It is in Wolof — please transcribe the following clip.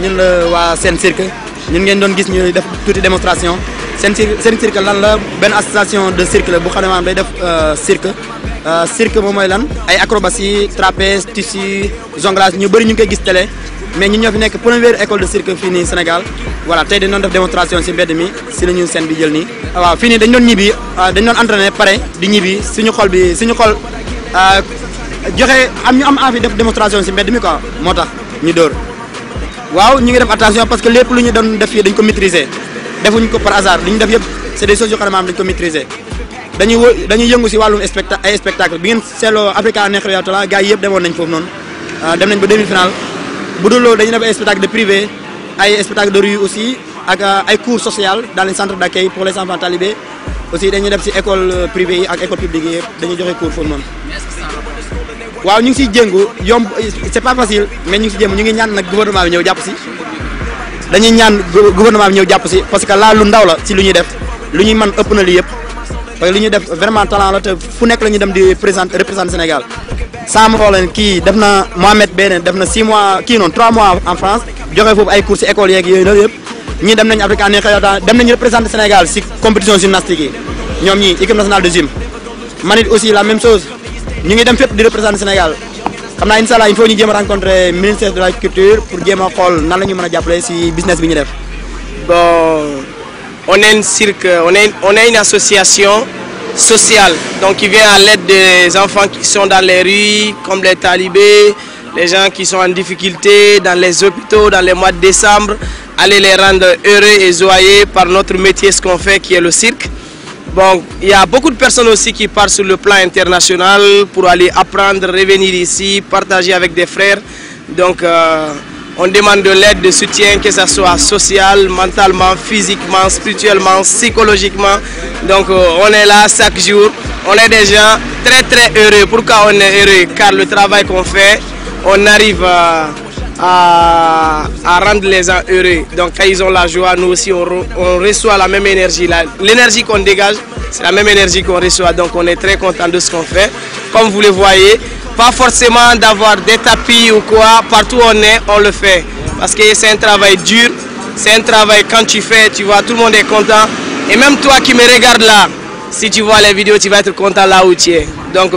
ñun la waa Sen Cirque ñun ngeen doon gis ñuy def tuuti démonstration Sen Cirque Sen Cirque lan la benn association de cirque la bu xam ne maanaam day def euh, cirque euh, cirque moom mooy lan ay acrobatie trapèze tissu jonglage ñu bëri ñu koy gis télé mais ñun ñoo fi nekk première école de cirque fii nii Sénégal voilà tey dañ doon def démonstration si mbedd mi si la ñu seen bi jël nii ah, waaw fii ni dañ doon ñibbi ah, dañ doon entraîné pare di ñibbi suñu xol bi suñu xol euh, joxe am ñu am envie def démonstration si mbedd mi moo tax ñu dóor waaw ñu ngi def attention parce que lépp lu ñu doon def fii dañ ko maîtriser defuñ ko par hasard li ñu def yëpp c'est des choses yoo xam ne dañ ko maîtriser dañuy w dañuy yëngu si wàllum specta spectacle bi ngeen seetloo Africa neex na yàlla gars yi yëpp demoon nañ foofu noonu ah, dem nañ ba demi bu dul loolu def ay spectacle de privé ay spectacle de rue aussi ak ah, ay cours social dans les centres d'accueil pour les enfants talibés aussi dañuy def si école euh, privée yi ak école publique dañuy joxe cours foofu noonu waaw ñu ngi si jéngu yomb c'est pas facile mais ñu ngi si jéem ñu ngi ñaan nag gouvernement ñëw jàpp si dañuy ñaan gouvernement bi ñëw jàpp si parce que laa lu ndaw la si lu ñuy def lu ñuy mën ëpp na li yëpp parce que li ñuy def vraiment talent la te fu nekk la ñuy dem di présenter représenter Sénégal sama xool leen kii def na Mohamed beneen def na 6 mois kii noonu mois en joxe foofu ay cours si école yeeg yooyu noonu yëpp ñii dem nañu Afrique en Équateur dem nañu représenter Sénégal si compétition gymnastique yi ñoom ñii équipe nationale de gym man it aussi la même chose. ñu ngi dem fépp di Sénégal xam naa incha allah il faut ñu jéem a rencontrer ministère de la culture pour jéem a xool nan la ñu mën a jàppale ñu def. bon on est une cirque on sociale donc qui vient à l'aide des enfants qui sont dans les rues comme les talibés les gens qui sont en difficulté dans les hôpitaux dans les mois de décembre aller les rendre heureux et joyeux par notre métier ce qu'on fait qui est le cirque. Bon, il y a beaucoup de personnes aussi qui partent sur le plan international pour aller apprendre, revenir ici, partager avec des frères. Donc, euh, on demande de l'aide, de soutien, que ce soit social, mentalement, physiquement, spirituellement, psychologiquement. Donc, euh, on est là chaque jour. On est des gens très, très heureux. Pourquoi on est heureux Car le travail qu'on fait, on arrive à... Euh, à, à, rendre les gens heureux. Donc quand ils ont la joie, nous aussi on, re, on reçoit la même énergie. L'énergie qu'on dégage, c'est la même énergie qu'on reçoit. Donc on est très content de ce qu'on fait. Comme vous le voyez, pas forcément d'avoir des tapis ou quoi, partout on est, on le fait. Parce que c'est un travail dur, c'est un travail quand tu fais, tout le monde est content. Et même toi qui me regardes là, si tu vois les vidéos, tu vas être content là où tu es. Donc